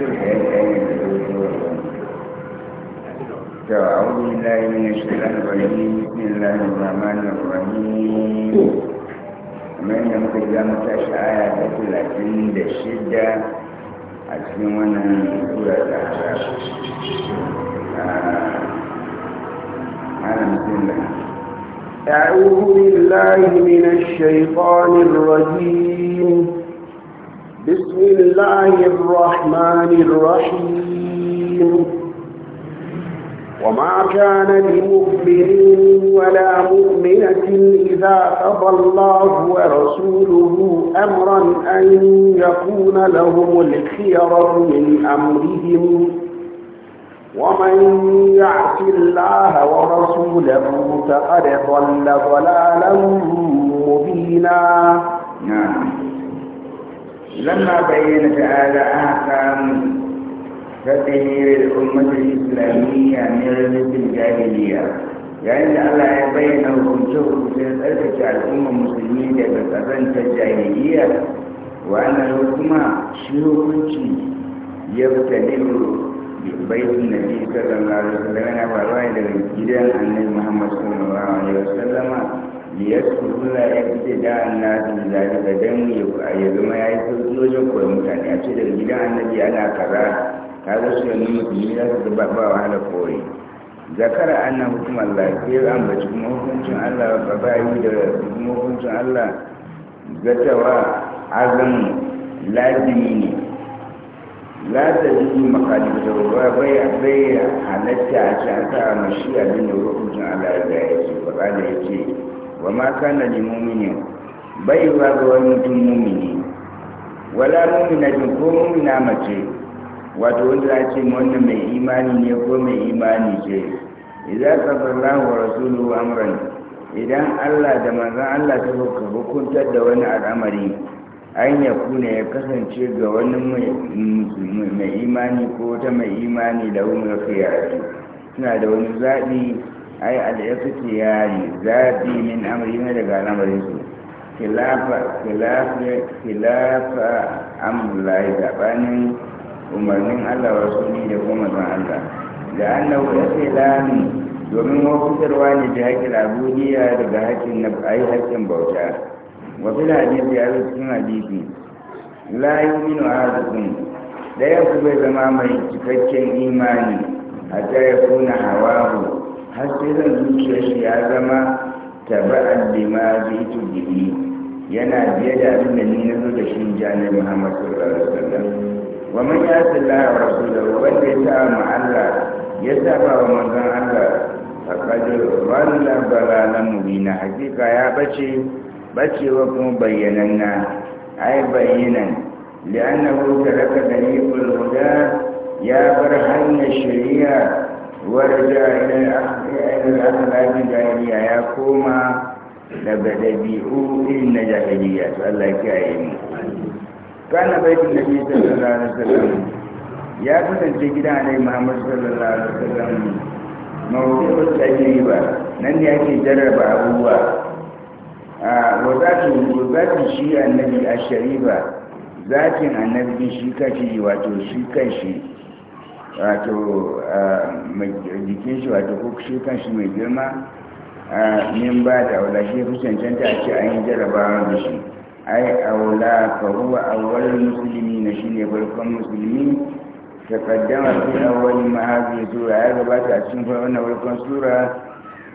أعوذ بالله من الشيطان الرجيم بسم الله الرحمن الرحيم من يمكن أن تشاء ثلاثين الشدة أتمنى سورة الأحزاب أنا بسم الله أعوذ بالله من الشيطان الرجيم بسم الله الرحمن الرحيم وما كان لمؤمن ولا مؤمنة إذا قضى الله ورسوله أمرا أن يكون لهم الخيرة من أمرهم ومن يعص الله ورسوله فقد ضل ضلالا مبينا نعم. لما بين تعالى أحكام فتحير الأمة الإسلامية من رزق الجاهلية yayin da Allah ya bayyana hukunce-hukunce ya tsarkake al'ummar musulmi daga ta jahiliya wannan hukuma shi hukunci ya fita nilo baitin da bi sallallahu alaihi wasallam yana faruwa daga gidan annabi Muhammad sallallahu alaihi wasallama liyaskuruna ya fice da annabi zalika dan ya zama ya yi sauki wajen koyon mutane a ce daga gidan annabi ana kaza ka ga su yanzu musulmi za su ba ba wahala koyi zakara anna hukum Allah sai ya ambaci kuma hukuncin Allah ba ba yi da kuma hukuncin Allah zatawa azam lazimi ne la ta ji makali da ruwa bai bai halatta a ci an sa mashi abin da hukuncin Allah ya ce ba da ya ce wa ma kana lil mu'minin bai wa ga wani mutum mu'mini wala jin ko mu'mina mace wato wanda za a ce wannan mai imani ne ko mai imani ce idan sallallahu wa rasulu amran idan Allah da manzon Allah ta hukuntar da wani al'amari an ya kuna ya kasance ga wani mai imani ko wata mai imani da wani khiyarati suna da wani zaɓi ai al'yasu yari, zaɓi min amri ne daga al'amarin su kilafa amulayi zaɓanin umarnin allah wa suni da kuma zan allah da annahu ya ce lami domin wafitarwa ne da haƙƙin abuniya daga haƙƙin na ayi haƙƙin bauta wasu da hadisi ya zo cikin hadisi la yuminu ahadukum da ku bai zama mai cikakken imani a ya kuna hawa har sai zan zuciya shi ya zama tabi'an lima jitu bihi yana biye da abin da ni na zo da shi jani Muhammad sallallahu alaihi wasallam wa man yasalla wa rasulahu wanda ya sa ma Allah ya saba wa manzon Allah faqad walla balalan mubina hakika ya bace wa kuma na. ai bayyanan li'annahu taraka dalilul huda ya bar hanya shari'a warja ilal akhlaqi jahiliya ya koma daga dabi'u irin na jahiliya to Allah ya kiyaye mu kana baitin nabi sallallahu alaihi wasallam ya kasance gidan annabi Muhammad sallallahu alaihi wasallam mawdu'u tajriba nan ne ake jarraba abubuwa a wazatu wazatu shi annabi ashariba zatin annabi shi kashi wato shi shi. wato jikin shi wato ko shi kan shi mai girma min ba da aula shi fi cancanta a ce an yi jarabawa da shi ai aula ka ruwa awwalul musulmi na shi ne farkon musulmi kaddama fi awwal mahazi hadhihi sura ya gabata a cikin wannan farkon sura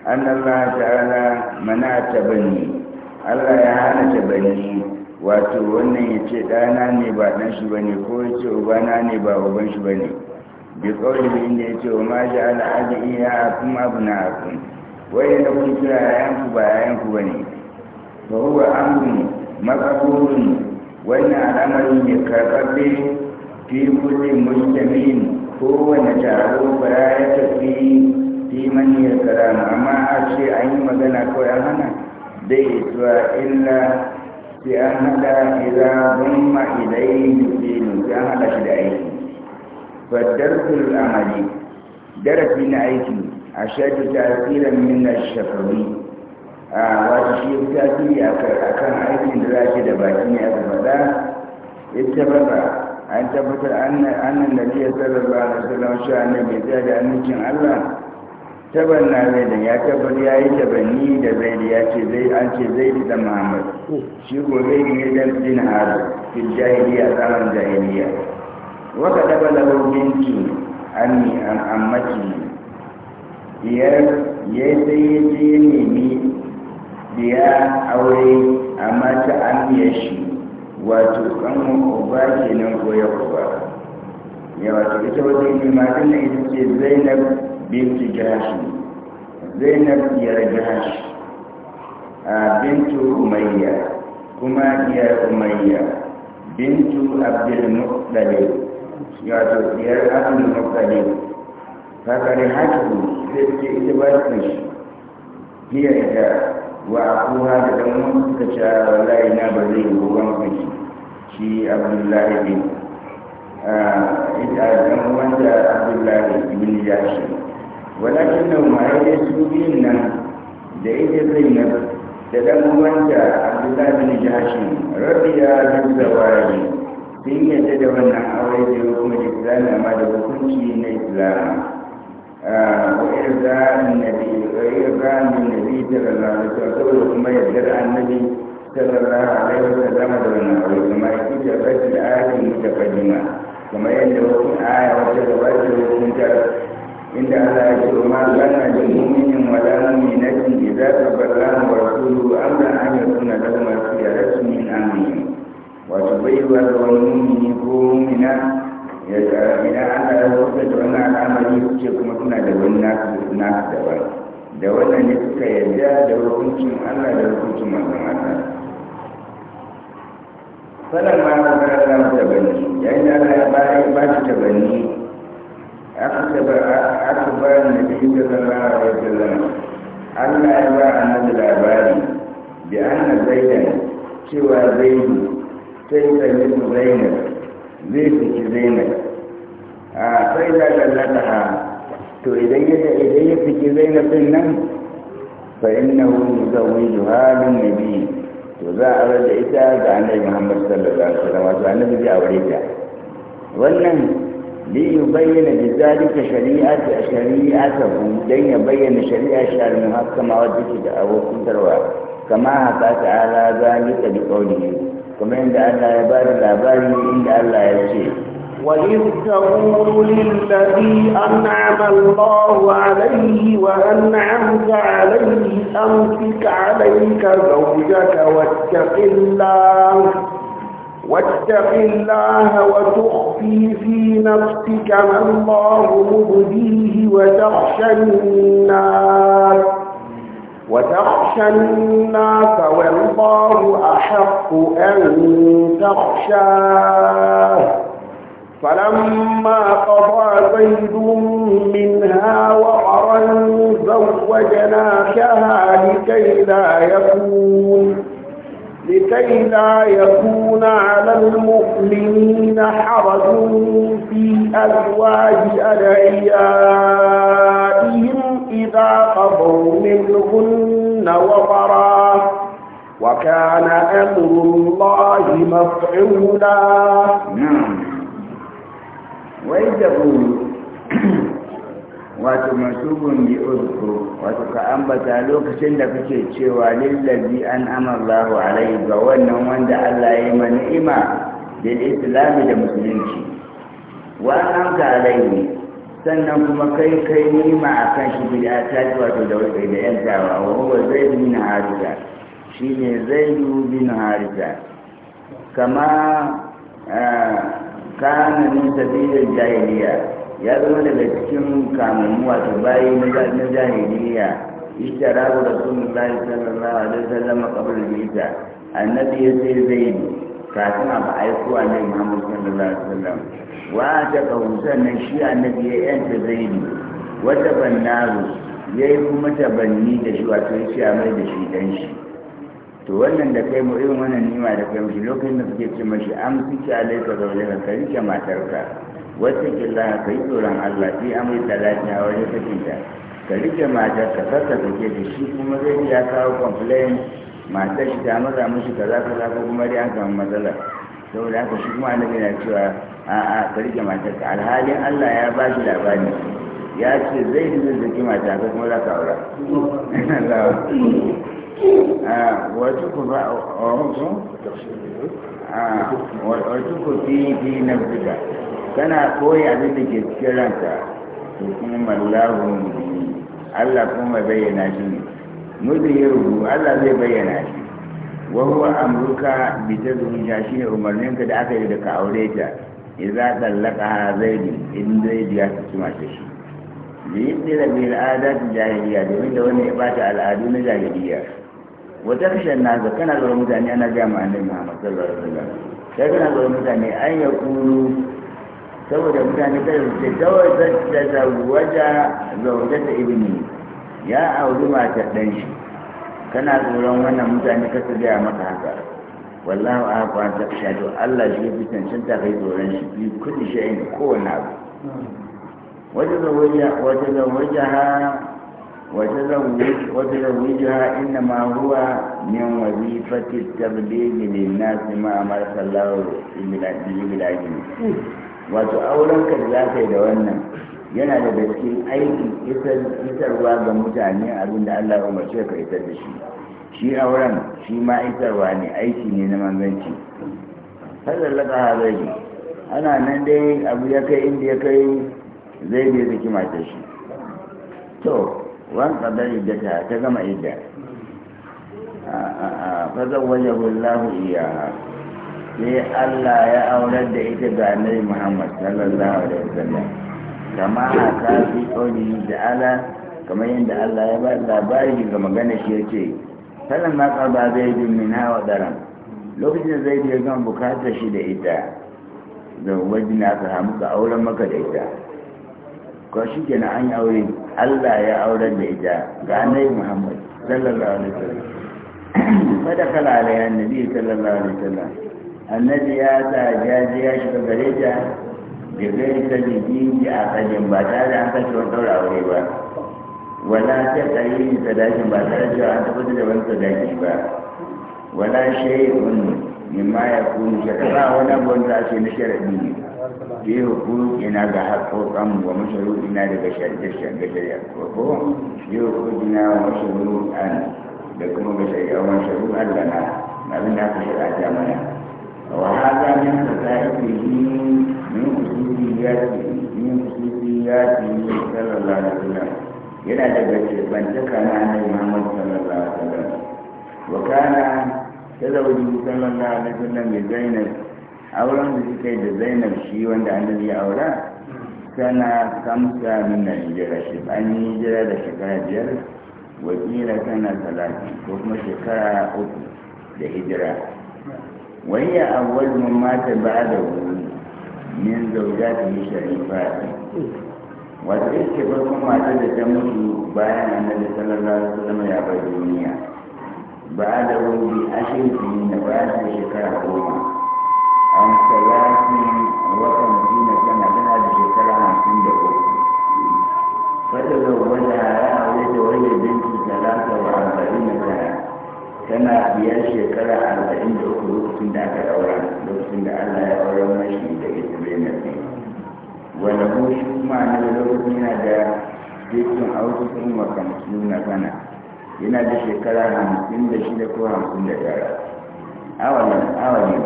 an Allah ta'ala mana tabani Allah ya hana tabani wato wannan ya ce ɗana ne ba ɗan shi bane ko ce ubana ne ba uban shi bane bi qawlihi inda yace wa ma iya ja'ala adiyakum abnaakum wai da kun kira yayanku ba yayanku bane fa huwa amrun maqbulun wannan al'amari ne karɓaɓɓe fi kulle muslimin kowane taro ba ya tafi fi maniyar karamu amma a ce an yi magana kawai an hana dai isuwa illa sai an haɗa ila gumma idai yusilu sai an hada shi da aiki fadarkul amali darasi na aiki a shaɗi tasirin min shafawi a wata shi tasiri a kan aikin da za da baki ne aka faɗa ita baka an tabbatar annan da biya sallallahu alaihi wasallam shi annabi ta da amincin Allah tabanna zai da ya tabbar ya yi tabanni da da ya an ce zai da dan shi ko zai ne dan din har fil jahiliya zaman wata daba lahu binki anni an ammaki diyar ya sai ya ce ya nemi diya aure amma ta amiyar shi wato kanwan uba ke nan goya kuwa. ya wato ita wata yi matan da ita ce zainab binti jahashi zainab biyar gashi a bintu umayya kuma biyar umayya bintu abdul muttalib ya to biyar azumin mutane ta kare hakimu sai suke ita ba su shi biya ita wa kuma da dan suka ce ah, wallahi na ba zai yi wa kashi shi abdullahi bin ah, ita dan wanda abdullahi bin shi walakin da ma ya su biyun nan da ita zai na da dan wanda abdullahi bin rabi rabiya bin zawari sun yadda da wannan aure da ya kuma islami amma da hukunci na islam ah, wa irzamin nabi wa irzamin nabi sallallahu alaihi wasallam saboda kuma yadda da annabi sallallahu alaihi wasallam da wannan aure kuma yake da rashin ayatin fadima kuma yadda wasu aya wata gabata hukuntar inda Allah ya ce ma lana da mu'minin wa la mu'minatin idza taballahu wa rasuluhu amra an yakuna lahum al-khiyaratu min amrihim وتطيب المؤمن مؤمنا idan Allah ya hukunta da wannan al'amari kuke kuma suna da wani nasu daban da wannan ne suka yarda da hukuncin Allah da hukuncin manzon Allah sanar ma na fara samu tabanni yayin da ya bayar ba shi tabanni aka ba na biyu da sallallahu alaihi wasallam ya ba labari cewa sai ka yi mu zainab zai saki zainab a sai da lallata ha to idan ya idan ya saki zainab din nan fa innahu yuzawwiju halin nabi to za a rada ita ga annabi Muhammad sallallahu alaihi wasallam wato annabi ya aure ta wannan li yubayyana bi zalika shari'ati shari'atahu dan ya bayyana shari'a shari'a muhakkama wadda take da abokin tarwa kama haka ta'ala zalika bi qawlihi kuma inda Allah ya bari labari inda Allah ya ce وإذ تقول للذي أنعم الله عليه وأنعمت عليه أمسك عليك زوجك واتق الله واتق الله وتخفي في نفسك ما الله مبديه وتخشى الناس وتخشى الناس والله أحق أن تخشاه فلما قضى زيد منها وقرا زوجناكها لكي لا يكون لكي لا يكون على المؤمنين حرج في أزواج أدعيائهم إذا قضوا منهن وطرا وكان أمر الله مفعولا نعم ويجب wato masubun bi uzku wato ka ambata lokacin da kake cewa lillazi an amallahu alaihi ga wannan wanda Allah ya yi ni'ima da islami da musulunci wa an ka alaihi sannan kuma kai kai nima a kan shi bida ta ji wato da wasu da tawa wa huwa zai bin harisa shi ne zai bin harisa kama kana min sabilin jahiliya ya zama daga cikin kamanmu wato bayi na jahiliya rabu da rasulullahi sallallahu alaihi wasallam qabla al annabi ya sai zaidu kafin a aiko a ne muhammad sallallahu alaihi wasallam wa ta kawo sannan shi annabi ya yanta zaini wata bannaru ya yi kuma tabanni da shi wato ya ciya amai da shi dan shi to wannan da kai mu irin wannan nima da kai mu lokacin da suke ce mashi an fi alai ka zaune ka ka rike matarka wata killa ka yi tsoron allah fi amai talatin a wajen sakinta ka rike matarka kar ka sake da shi kuma zai ya kawo complain mata shi ta maza mishi kaza kaza ko kuma dai an samu matsala saboda haka shi kuma annabi na cewa a ka mata ka alhalin Allah ya ba shi labari ya ce zai yi zai zaki mata ka kuma za ka aura ah, wato ku ba a hukun ah, wato ku fi fi na fita kana koyi abin da ke cikin ranka to kuma mallahu Allah kuma bayyana shi ne mutum ya rubu Allah zai bayyana shi wa Amurka amruka bi tazwija shi ne umarninka da aka yi daga ka aure ta idza tallaqaha zaidi in zaidi ya tafi masu shi bi yadda bi al'adat jahiliya domin da wani ya bata al'adu na jahiliya wa takshan naza kana ga mutane ana ga ma annabi Muhammad sallallahu alaihi wasallam sai kana ga mutane an ya kulu saboda mutane kada su ce tawazzata zawjata ibni ya auri matar ɗan shi kana tsoron wannan mutane kasa gaya maka haka wallahu a kwa ta shaɗo Allah shi fi ta kai tsoron shi fi kudi sha'in kowane abu wata zawaja wata ha wata zawaja ha inna ma huwa min wazifati tablighi lin nas ma amara sallahu bihi wato auren ka da za ka yi da wannan yana da cikin aiki isarwa ga mutane abin da Allah ya umarce ka isar da shi shi auren shi ma isarwa ne aiki ne na manzanci sallallaka ha zai ana nan dai abu ya kai inda ya kai zai bai zaki mata shi to wan kadar iddata ta gama idda fa waje wallahu iya sai Allah ya aurar da ita ga Annabi Muhammad sallallahu alaihi wasallam kama haka fi da ala kamar yadda Allah ya ba labari ga magana shi yace falan ma qaba zaidun min hawa daram lokacin da zaidu ya gama bukatar shi da ita wajen na ka samu ka auren maka da ita ko shi na an yi aure Allah ya auren da ita ga annabi Muhammad sallallahu alaihi wasallam kala alayhi annabi sallallahu alaihi wasallam annabi ya ta jaji ya shiga gare ta da zai ta jiki ji a sajin ba tare da an kashe wani ɗaura aure ba wala ta ƙarfi sadakin ba tare da an tabbata da wani sadaki ba wala shay'un mimma ya kunu ba wani abuwan da ake na sharaɗi ne ke hukurukina ga haƙoƙan wa masharuɗina daga shari'a ko ke hukurukina wa masharuɗan da kuma ga shari'a wa masharuɗan lana na abin da aka shari'a ta mana wa haka min fasa'ifihi min ne sallallahu alaihi wasallam yana da daga cebantaka na annabi Muhammad sallallahu alaihi wasallam wa kana tazawuji sallallahu alaihi wasallam da Zainab auren da suka yi da Zainab shi wanda an ya aura sana kamsa min hijira shi an yi hijira da shekara biyar wakila sana talatin ko kuma shekara uku da hijira wani ya awwal mun mata ba da wuri min zaujatihi sharifati wata ita farkon matar da ta mutu bayan annabi sallallahu alaihi wasallam ya bar duniya ba da wani ashirin sinin da bayan da shekara goma an salatin watan dina tana tana da shekara hamsin da uku fata zauwa da ya aure da wani binci talata tana biyar shekara arba'in da uku lokacin da aka daura lokacin da allah ya auren mashi da ita bai nafi wanda ko shi kuma na da lokacin yana da jikin aukisun wa kamsu na sana yana da shekara hamsin da shida ko hamsin da tara awalin awalin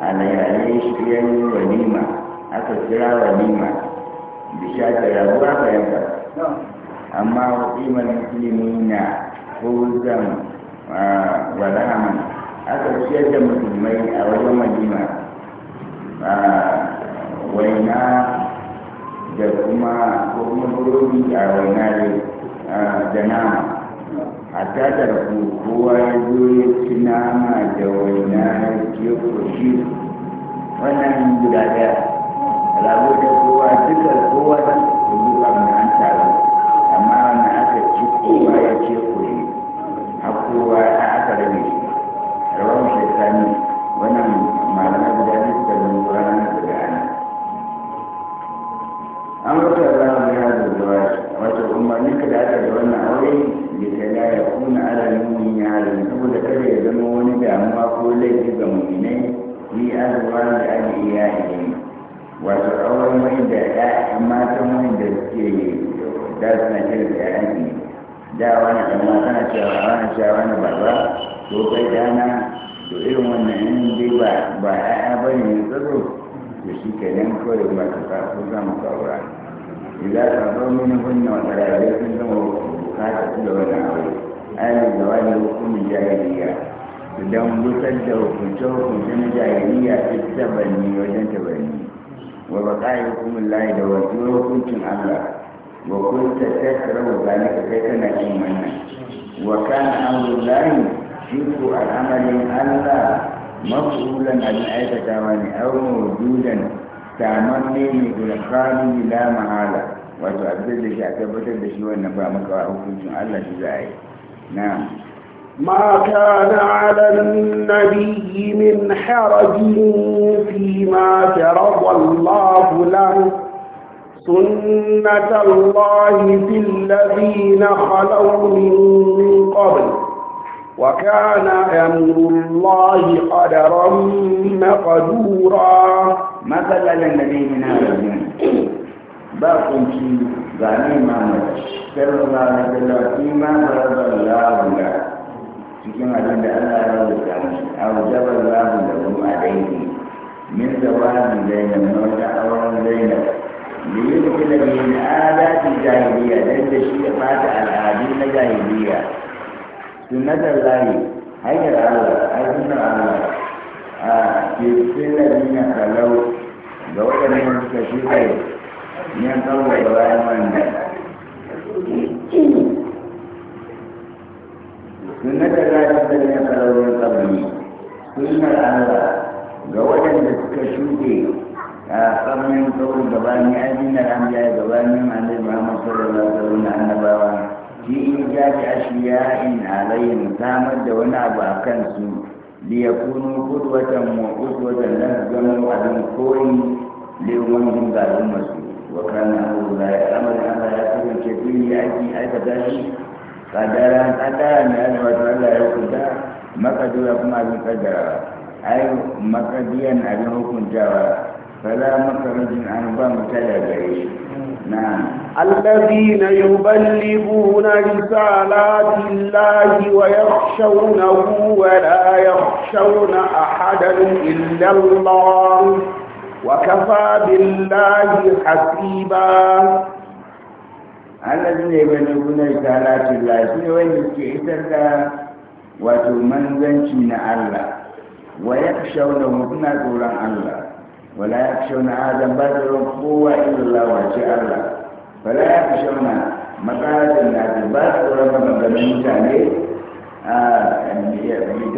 a layaye shi ya yi wa nima aka kira walima bisha ta rabuwa ka ba. amma wa ƙimar musulmi na ko zan wa mana, aka ciyar da musulmai a wajen madina waina da kuma ko kuma burodi a waina da nama hatta da ku kowa ya zo ya ci nama da waina ya koshi wannan guda daya alamu da kowa duka kowa jahiliya ta bani wajen ta bani yi hukumin layi da wasu hukuncin Allah wa kunta takrahu zalika kai kana kin wannan wa kana layi shi ko al'amarin Allah mafulan abin aikatawa ne au mawjudan saman ne mai khali la mahala wato abin da shi a tabbatar da shi wannan ba maka hukuncin Allah shi za a yi na'am ما كان على النبي من حرج فيما فرض الله له سنة الله في الذين خلوا من قبل وكان أمر الله قدرا مقدورا ما كان على النبي من حرج باقي في غنيمة صلى الله عليه فيما فرض cikin abin da Allah ya rubuta musu abu jabar babu da kuma daidai min zawabi zainab na wata auren zainab da yi da kila da yin adati jahiliya don da shi ya fata al'adu na jahiliya sunnatar layi hanyar Allah a sunan Allah a ke sunan nuna kalau ga waɗannan suka shi kai yan kawo da bayan wannan sunnata zafin da ne sararin tsabari sunnar allah ga waɗanda suka shuɗe a gabani tsarin tsawon gabanin ainihin ambiya gabanin annabi muhammad sallallahu alaihi wasallam annabawa fi ijabi ashiya'in alayhim samar da wani abu a kansu liyakunu qudwatan wa uswatan lan zama abin koyi lewon ga al'ummarsu wa kana hu la ya'mal ala ya kasance fili aiki aikata shi kadaran kadaran ne ya wata Allah ya hukunta makadura kuma abin kaddarawa ai makadiyan abin hukuntawa فلا مخرج عن ضم تلبيه نعم الذين يبلغون رسالات الله ويخشونه ولا يخشون أحدا إلا الله وكفى بالله حسيبا allazi ne bane gunar salatu la shi ne wani ke isar da wato manzanci na Allah wa ya yakshawna mutuna tsoron Allah wala yakshawna adam ba tsoron kowa illa Allah wace Allah wala yakshawna maqalatin na ba tsoron maganganun mutane a bitawni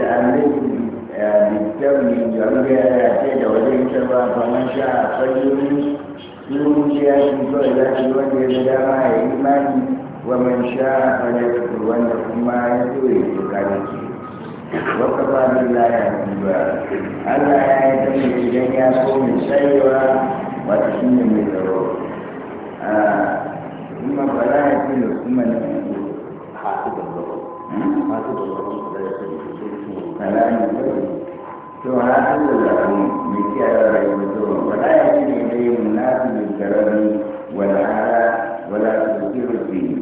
jami'a ya ce da wajen ta ba faman sha a fajirin sun ce ya shi kawai za shi wanda ya dama ya yi imani wa man sha fara kukur wanda kuma ya so ya yi kare ke waka ba billah ya duba Allah ya yi sanya idan ya so mai tsayewa wata shi ne mai tsaro kuma ba za a ce da kuma na fito ha su da zama ha su da zama da ya da kalami شهداء لهم بكرر وجوه ولا يجد إليهم الناس بالكرم والعلى ولا تذكر فيه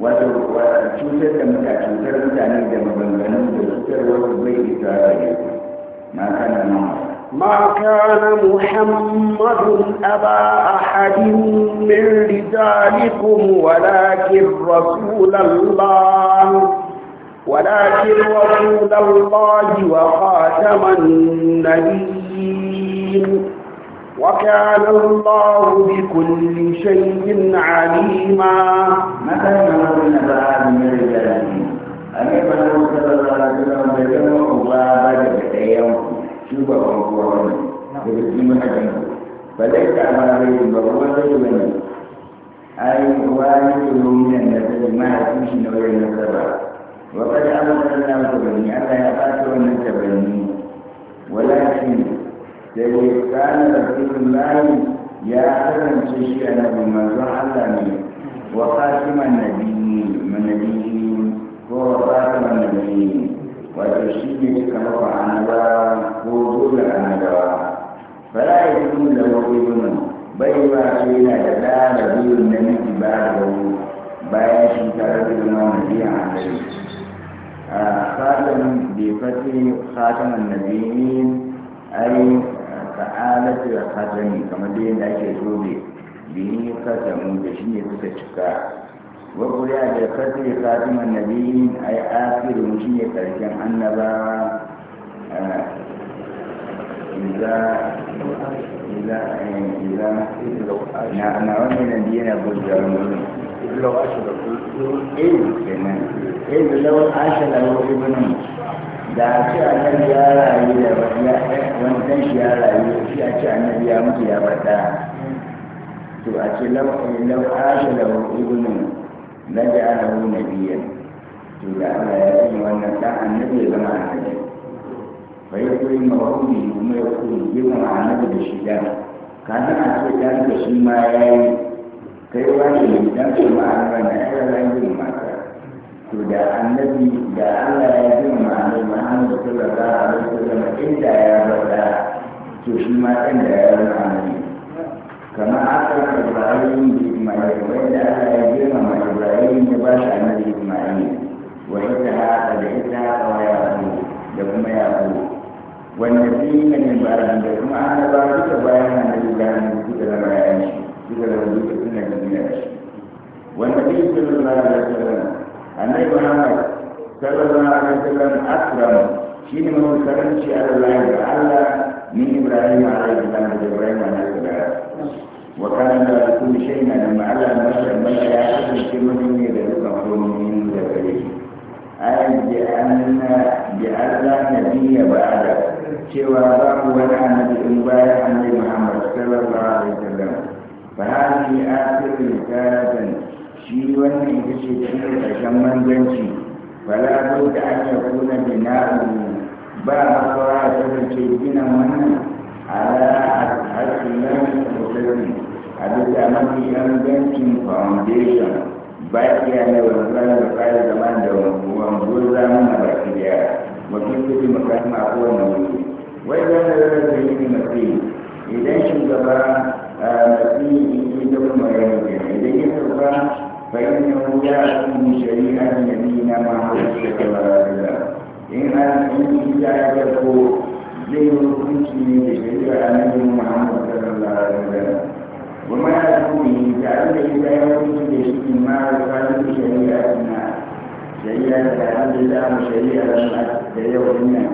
wato cutar da muta cutar mutane da maganganu da cutarwar bai isa ما كان محمد أبا أحد من رجالكم ولكن رسول الله ولكن رسول الله وخاتم النبيين وكان الله بكل شيء عليما مثلا من بعد من الجنة أمي الله صلى الله عليه وسلم بجمع الله بعد بجمع شو بقى هو الجنة فليس أمر عليه بقوة بجمع أي واجب من النسل ما فيه نوع النسبة وقد أمرنا الكبني ألا يقاتل من كبني ولكن كان رسول الله يا أكرم تشيء نبي من زعلني وخاتم النبيين من نبيين هو خاتم النبيين وتشيء كما فعلنا وجود الأنبياء فلا يكون له ابن بيبا كينا لا نبي النبي بعده بايش ترى بالنبي عليه خاتم بفتح خاتم النبيين أي كآلة الختم كما دين أشي سوري به ختم بشني كتشكا وقرئ بفتح خاتم النبيين أي آخر مشني كرشم النبا إذا إذا إذا نعم نعم نعم نعم نعم نعم لو أشرك إن كمان إن لو أشرك ابنه da a ce a annabi ya rayu da wani dan shi ya rayu shi a ce annabi ya mutu ya bada to a ce lau lau asha da ibnu na da na nabiyya to da Allah ya sani wannan dan annabi ya zama annabi bai koyi mawuni kuma ya koyi yi annabi da shi dan kana a ce ɗan da shi ma yi. kai wani dan su ma'ana na yaran girma ka to da annabi da Allah ya girma annabi Muhammad sallallahu alaihi wasallam inda ya bada to shi ma da ya rana annabi kamar aka Ibrahim da Ismail wanda Allah ya girma ma Ibrahim ya ba shi annabi Ismail wa ita haka da ita haka wa ya da kuma ya wannan shi ne ba da kuma annabawa duka bayan annabi Ibrahim suka zama yayin shi إذا لو جئت إنك من والنبي صلى الله عليه وسلم النبي محمد صلى الله عليه وسلم أكرم شيء من الكرم شيء على الله تعالى من إبراهيم عليه السلام إبراهيم عليه السلام وكان على كل شيء من على المشهد المشهد أحد في مدينة ذلك مفهوم من ذلك أي بأن جعلنا نبي بعد سوى الله ولا نبي بعد النبي محمد صلى الله عليه وسلم a cikin karatun shi wannan ita ce cikin ƙarshen manzanci fala zo da an yi da bina'u ba a kawo a kasance gina wannan a a hasilan musulmi a bisa mafi ingancin foundation ba iya na zuwa da kayan zaman da wanzuwar zamana ba ki daya mutum su ji musamman a kowane wuri wai zan da zai da yi mafi idan shugaba فيه ثم يرجع إليه سوف فإنه يأتي بشريعة نبينا محمد صلى الله عليه وسلم إن إن جاءته زي كنتي بشريعة نبي محمد صلى الله عليه وسلم وما يكون تعالى إذا يكون بشيء ما يخالف شريعتنا شريعة الحمد لله وشريعة اليوم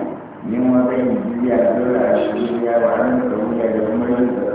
من وضع الجزية الدولة الشريعة وعلم الدولة لأمر الدولة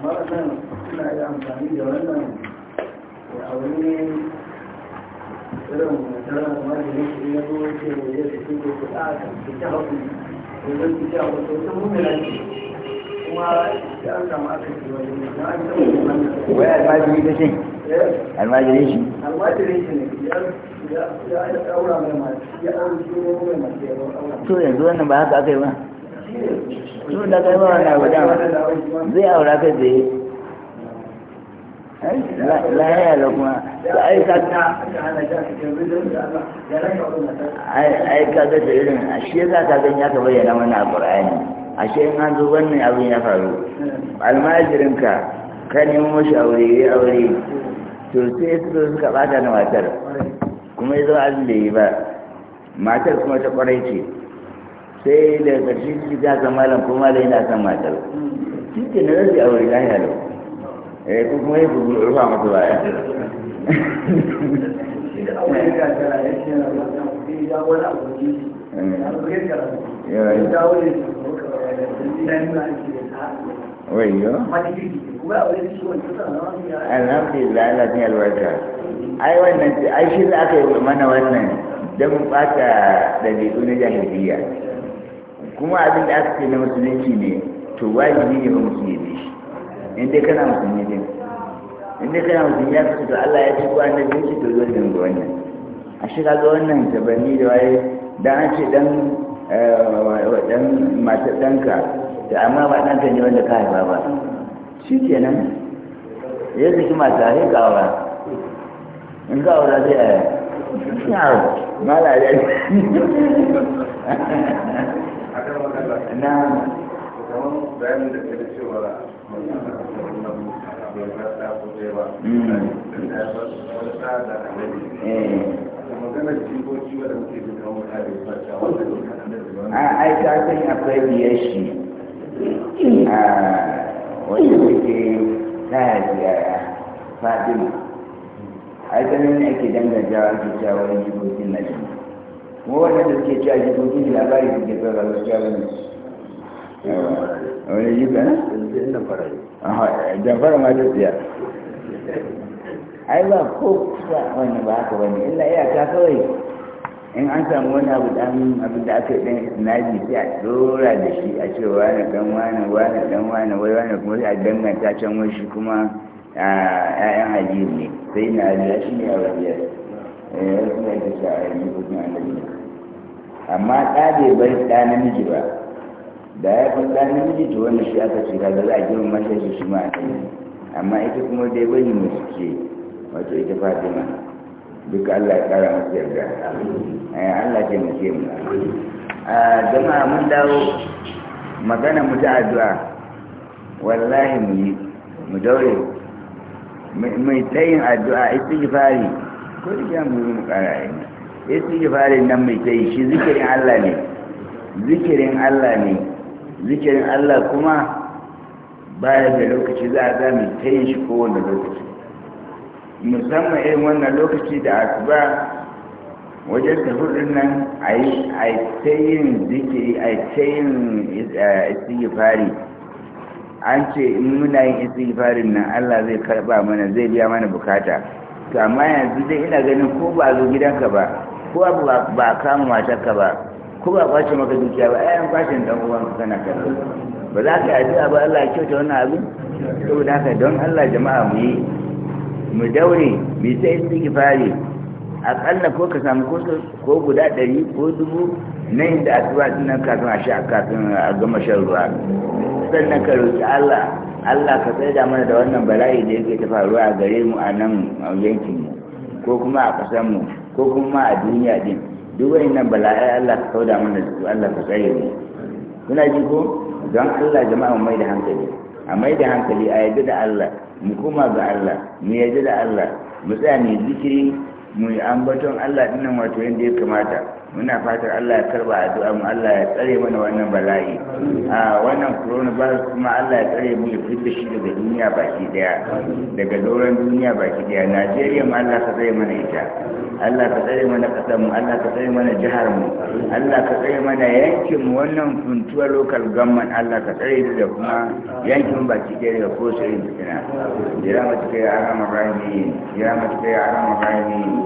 kuma wannan suna yi amfani da wannan ya irin mutarar magani su ce ya fi ko ce kuma ya an samu aka na an wai almajiri ta ce eh. almajiri shi almajiri shi ne ya ɗaura mai masu ya shi ne mai masu ya to yanzu wannan ba haka aka yi ba mutum da kai mawa na guda ba zai aura kai je lahiya da kuma su aika aika ga da irin shi za ka gan ya ka bayyana mana a ƙur'ani ashe in an zo wannan abin ya faru almajirinka ka nemo shi aure ya aure to sai su zo suka bata na matar kuma ya zo abin da yi ba matar kuma ta ƙwarai ce sai da ƙarshe shi ga san malam ko malam na san matar shi ke na zai aure lahiya eh ko kuma ya bugu rufa mata baya Alhamdulillah, Allah ne albarka. Ai wannan, ai shi za aka yi mana wannan don mu ɓata ɗabi'u na jahiliya. kuma abin da aka ce na musulunci ne to wajibi ne ba musulmi ne shi in dai kana musulmi ne in dai kana musulmi ya kasu to Allah ya ci ko annabi shi to zai ga wannan a shi kaga wannan tabanni da waye dan an ce dan eh, dan mata danka da amma ba danka ne wanda ka haifa ba shi kenan ya zaki mata ya ka aura in ka aura sai a yaro mala ya na. kamar bayanin da kai cewa a ai ta san akwai biyar shi a wanda suke ta ziyara fadima ai ganin ake danganta wa ake cewa wani jikokin na shi kuma waɗanda suke cewa jikokin labari suke zara wasu jawo ne wani eh, eh? yi kana? jamfara ma ta tsiya ai ba ko kusa wani ba haka wani illa iyaka kawai in an samu wani abu dan abin da aka dan naji sai dora da shi a ce wani dan wani wani dan wani wai wani kuma sai a danganta can wani shi kuma ƴaƴan aliyu ne sai na aliyu shi ne a wajiyar eh wasu da shi a aliyu kuma amma ɗa bai bar ɗa namiji ba da ya fi tsanin miji to wanda shi aka ce kaga za a gina masa shi shi ma amma ita kuma dai bai mu suke wato ita fatima duka allah ya kara masu yarda eh, allah ce mu ke ah, mu gama mun dawo magana mu ta addu'a wallahi mu yi mu daure mai tsayin addu'a fari. ko da kyan mu mu kara yi fari nan mai tsayi shi zikirin allah ne zikirin allah ne zikirin Allah kuma baya da lokaci za a zami ta yin shi kowane lokaci musamman irin wannan lokaci da asuba wajen tafurin nan a yi ta yin zikiri a ta yin eh, istighfari an ce in muna yin istighfarin nan Allah zai karba mana zai biya mana bukata to amma yanzu dai ina ganin ko ba zo gidanka ba ko ba kama matarka ba ko ba kwace maka dukiya ba ayan kwashin dan uwan kana kan ba za ka yi addu'a ba Allah ya kyauta wannan abin saboda haka don Allah jama'a mu yi mu daure mu ta istighfari akalla ko ka samu ko guda ɗari ko dubu na inda addu'a din nan kafin a sha kafin a gama shan ruwa sannan ka ta Allah Allah ka tsaida mana da wannan bala'i da yake ta faruwa a gare mu a nan yankin mu ko kuma a ƙasar mu ko kuma a duniya din duk bala bala'ai Allah ka kauda mana da su Allah ka tsaye ne kuna ji ko don Allah jama'a mu mai da hankali a mai da hankali a yadda da Allah mu koma ga Allah mu yadda da Allah mu tsaya mai zikiri mu yi ambaton Allah dinnan wato yadda ya kamata muna fatar Allah ya karba addu'a mu Allah ya tsare mana wannan bala'i a wannan coronavirus kuma Allah ya tsare mu ya fitar shi daga duniya baki daya daga doron duniya baki daya Najeriya mu Allah ka tsare mana ita Allah ka tsare mana kasar mu Allah ka tsare mana jihar mu Allah ka tsare mana yankin mu wannan funtuwa local government Allah ka tsare da kuma yankin baki daya daga ko sai fitina ya matuƙa ya arama rahimi ya matuƙa ya arama rahimi